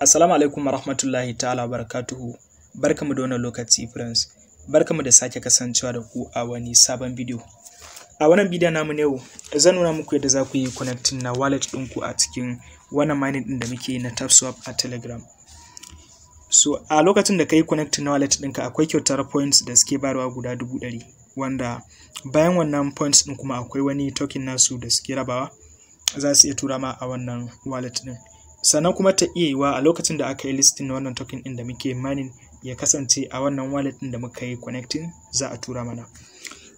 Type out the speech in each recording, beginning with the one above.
Assalamu alaikum warahmatullahi ta'ala barakatuhu. Barkamu da wannan lokaci friends. Barkamu da sake kasancewa da ku a wani sabon bidiyo. A wannan bidiyon namu ne yau zan nuna muku yadda za ku yi connecting na wallet ɗinku a cikin wannan mining ɗin da muke na TapSwap a Telegram. So a lokacin da ka yi connecting na wallet ɗinka akwai kyautar points da suke bayarwa guda dubu ɗari wanda bayan wannan points ɗin kuma akwai wani token nasu da suke rabawa za su iya tura ma a wannan wallet ɗin. sannan kuma ta iya yiwa a lokacin da aka yi listin na wannan token ɗin da muke mining ya kasance a wannan wallet ɗin da muka yi connecting za a tura mana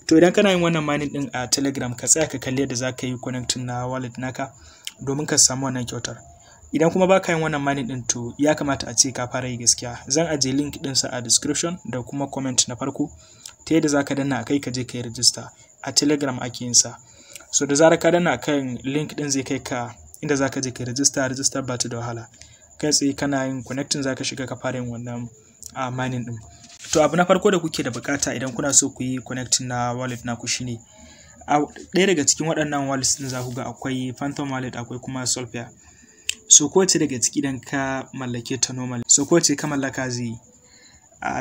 to idan kana yin wannan mining ɗin a telegram ka tsaya ka kalli yadda za ka yi connecting na wallet naka domin ka samu wannan kyautar idan kuma baka yin wannan mining ɗin to ya kamata a ce ka fara yi gaskiya zan ajiye link sa a description da kuma comment na farko ta yadda za ka danna a kai ka je ka yi rajista a telegram ake yin sa so da zarar ka danna kan link din zai kai ka inda zaka je ka rajista rajista ba ta da wahala kai tsaye kana yin connecting zaka shiga ka fara yin wannan a ah, mining din to abu na farko da kuke da bukata idan kuna so ku yi connecting na wallet naku shine ɗaya daga cikin waɗannan wallets din za ku ga akwai phantom wallet akwai kuma solfair so kowace daga ciki idan ka mallake ta normal so kowace ka mallaka zai yi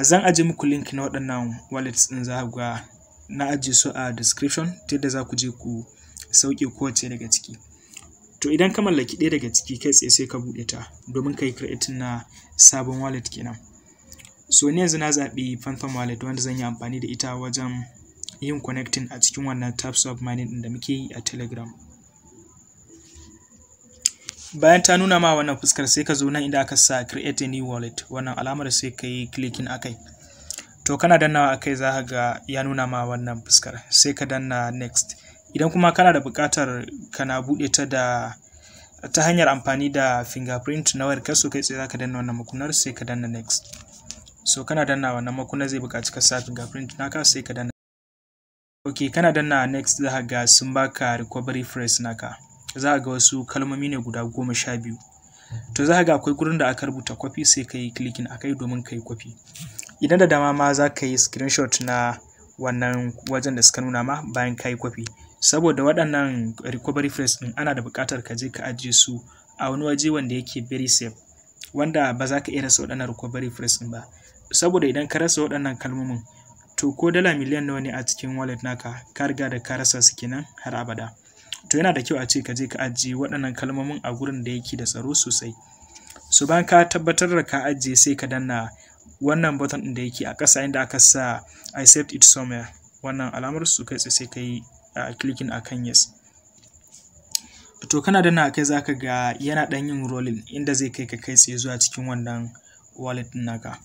zan aje muku link na waɗannan wallets din za ga na ajiye su a description ta yadda za ku je ku sauke kowace daga ciki to idan ka mallaki ɗaya daga ciki kai tsaye sai ka buɗe ta domin ka yi creating na sabon wallet kenan so ni yanzu na zaɓi phantom wallet wanda zan yi amfani da ita wajen yin connecting a cikin wannan types of mining ɗin da muke yi a telegram bayan ta nuna ma wannan fuskar sai ka zo nan inda aka sa create a new wallet wannan alamar sai ka yi clicking akai to kana dannawa kai za ka ga ya nuna ma wannan fuskar sai ka danna next idan kuma kana da buƙatar kana buɗe ta da ta hanyar amfani da fingerprint na wayar so kai tsaye zaka danna wannan makunar sai ka danna next so kana danna wannan makunar zai buƙaci ka sa fingerprint naka sai ka danna ok kana danna next za ga sun baka recovery phrase naka za ga wasu kalmomi ne guda goma sha biyu to za ga akwai gurin da aka rubuta kwafi sai ka yi clicking a kai domin ka yi kwafi idan da dama ma za ka yi screenshot na wannan wajen da suka nuna ma bayan ka yi kwafi saboda waɗannan recovery phrase ɗin ana da buƙatar ka je ka ajiye su a wani waje wanda yake very safe wanda ba za ka iya rasa waɗannan recovery phrase ɗin ba saboda idan ka rasa waɗannan kalmomin to ko dala miliyan nawa ne a cikin wallet naka ka riga da ka rasa su kenan har abada to yana da kyau a ce ka je ka ajiye waɗannan kalmomin a gurin da yake da tsaro sosai so bayan ka tabbatar da ka ajiye sai ka danna wannan button ɗin da yake a ƙasa inda aka sa i saved it somewhere wannan alamar su kai sai ka yi a clicking akan yes to kana na kai zaka ga yana dan yin rolling inda zai kai ka kai tsaye zuwa cikin wannan wallet din naka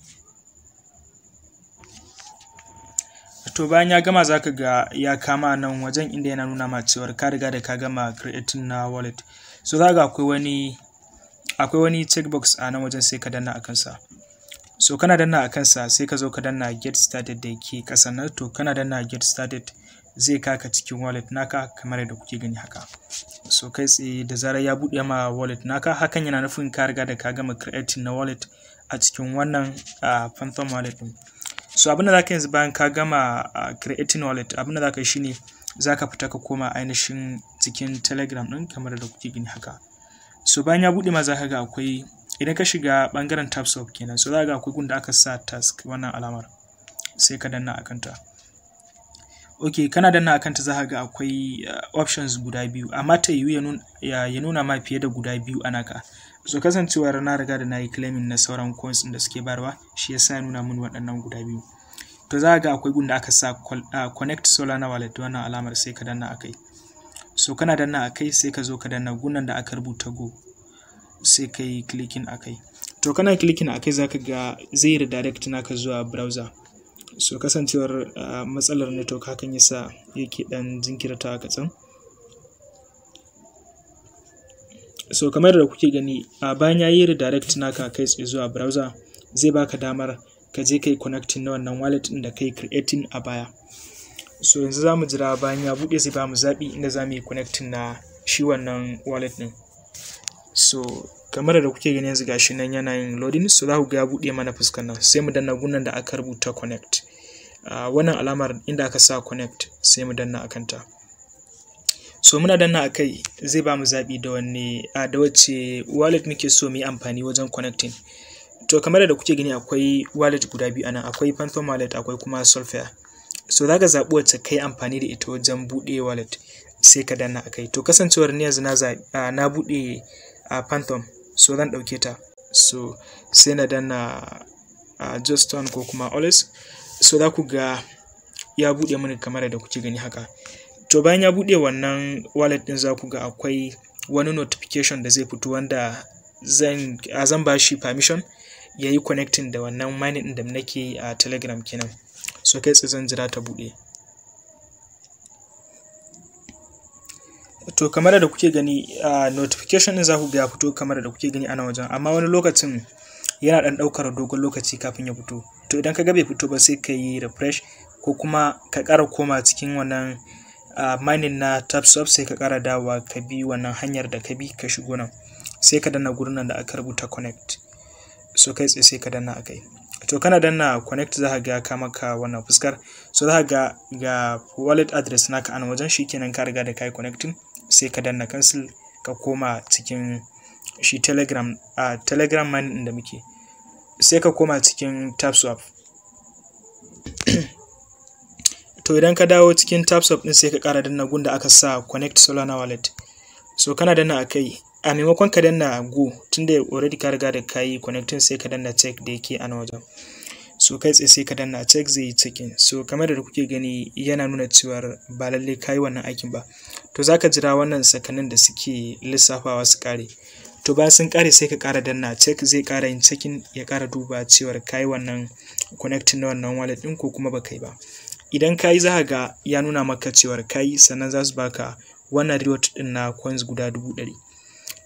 to bayan ya gama zaka ga ya kama nan wajen inda yana nuna ma cewa ka riga da ka gama creating na wallet so zaka ga akwai wani akwai wani checkbox a nan wajen sai ka danna akan sa so kana danna akan sa sai ka zo ka danna get started da ke kasa nan to kana danna get started zai kaka cikin wallet naka kamar yadda kuke gani haka so kai tsaye da zarar ya buɗe ma wallet naka hakan yana nufin ka riga da ka gama creating na wallet a cikin wannan uh, phantom wallet din so abinda zaka yanzu bayan ka gama uh, creating wallet abinda zaka yi shine zaka fita ka koma ainihin cikin telegram din kamar da kuke gani haka so bayan ya buɗe ma zaka ga akwai idan ka shiga bangaren tabs of kenan so zaka ga akwai gunda aka sa task wannan alamar sai ka danna akan ta ok kana danna akanta ta za ga akwai uh, options guda biyu amma ta yiwu ya, nuna ma fiye da guda biyu a naka so kasancewar na riga da na yi claiming na sauran coins da suke barwa shi ya sa ya nuna mun waɗannan guda biyu to za ga akwai gunda aka sa uh, connect solana wallet wannan alamar sai ka danna akai so kana danna akai sai ka zo ka danna gunan da aka rubuta go sai ka yi clicking akai to kana clicking akai ka ga zai redirect naka zuwa browser so kasancewar ah, matsalar network hakan yasa yake dan jinkirta a katsan so kamar da kuke gani a ah, bayan yayi redirect naka kai tsaye zuwa browser zai baka damar ka je kai connecting na wannan wallet din da kai creating a baya so yanzu zamu jira bayan ya buɗe zai bamu zabi inda zamu yi connecting na shi wannan wallet din so kamar da kuke gani yanzu gashi nan yana yin loading so za ku ga ya buɗe mana fuskar nan sai mu danna gunan da aka rubuta connect Ah, wannan alamar inda aka sa connect sai mu danna a kanta so muna danna a kai zai ba mu zaɓi da wanne a ah, da wacce wallet muke so mu yi amfani wajen connecting to kamar da kuke gani akwai wallet guda biyu anan akwai phantom wallet akwai kuma solfair so za ka zaɓi wacce kai amfani da ita wajen buɗe wallet sai ka danna a kai to kasancewar ni yanzu na ah, buɗe a phantom so zan ɗauke ta so sai na danna a just juston ko kuma always so za ku ga ya buɗe mana kamar da kuke gani haka to bayan ya buɗe wannan wallet ɗin za ku ga akwai wani notification da zai fito wanda zan a zan ba shi permission ya yi connecting da wannan mining ɗin da nake yi a telegram kenan so kai tsaye zan jira ta buɗe to kamar da kuke gani a notification ɗin za ku ga ya fito kamar da kuke gani ana wajen amma wani lokacin yana ɗan ɗaukar dogon lokaci kafin ya fito to idan ka ga bai fito ba sai ka yi refresh ko kuma ka ƙara koma cikin wannan uh, mining na tapsop sai ka ƙara dawa ka bi wannan hanyar da ka bi ka shigo nan sai ka danna gurin nan da aka rubuta connect so kai tsaye sai ka danna a kai to kana danna connect za ka ga ka maka wannan fuskar so za ka ga ga wallet address naka an wajen shi kenan ka riga da kai connecting sai ka danna cancel ka koma cikin shi telegram a uh, telegram mining da muke sai ka koma cikin tapswap to idan ka dawo cikin tapswap ɗin sai ka ƙara danna da aka sa connect solana wallet so kana danna a kai a maimakon ka danna go tunda already ka riga da ka yi connecting sai ka danna check da yake a wajen so kai tsaye sai ka danna check zai yi cikin so kamar da kuke gani yana nuna cewa ba lalle ka yi wannan aikin ba to za ka jira wannan sakannin da suke lissafawa su kare to ba sun kare sai ka kara danna check zai kara yin checkin ya kara duba cewar kai wannan connecting na wannan wallet din ko kuma baka yi ba idan ka yi za ga ya nuna maka cewar ka yi sannan za su baka wannan reward din na coins guda dubu ɗari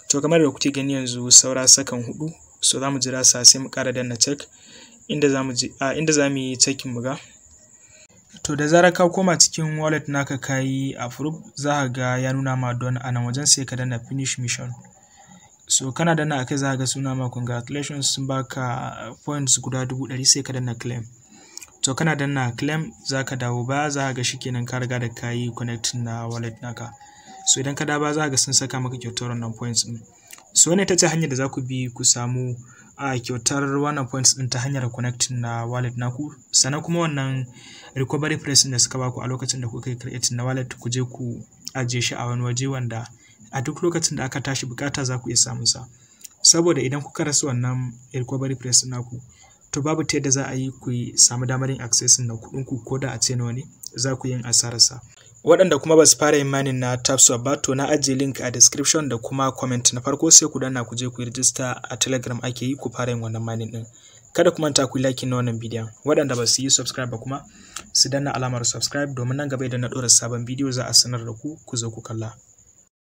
to kamar da kuke gani yanzu saura sakan hudu so za mu jira sa sai mu kara danna check inda za mu a inda za yi checkin mu to da zarar ka koma cikin wallet naka ka approve za ka ga ya nuna ma don a nan wajen sai ka danna finish mission so kana danna akai za ga suna ma congratulations sun baka eh, points guda dubu ɗari sai ka danna claim to kana danna claim za ka dawo ba za ga kenan ka riga da ka yi connecting na wallet naka so idan ka dawo ba za ga sun saka maka kyautar wannan points ɗin so wannan ita ce hanyar da za ku bi ku samu a kyautar wannan points ɗin ta hanyar connecting na wallet naku sannan kuma wannan recovery price da suka baku a lokacin da kuka yi creating na wallet ku je ku ajiye shi a wani waje wanda a duk lokacin da aka tashi bukata za ku iya samun sa saboda idan kuka rasa wannan recovery press naku to babu ta yadda za a yi ku samu damar yin accessing na kuɗin ku ko da a ce nawa ne za ku yi asarar sa waɗanda kuma ba su fara yin manin na tapswap ba to na ajiye link a description da kuma comment na farko sai ku danna ku je ku yi a telegram ake yi ku fara yin wannan manin din kada kuma manta ku yi like na wannan bidiyon waɗanda ba su yi subscribe ba kuma su danna alamar subscribe domin nan gaba idan na ɗora sabon bidiyo za a sanar da ku ku zo ku kalla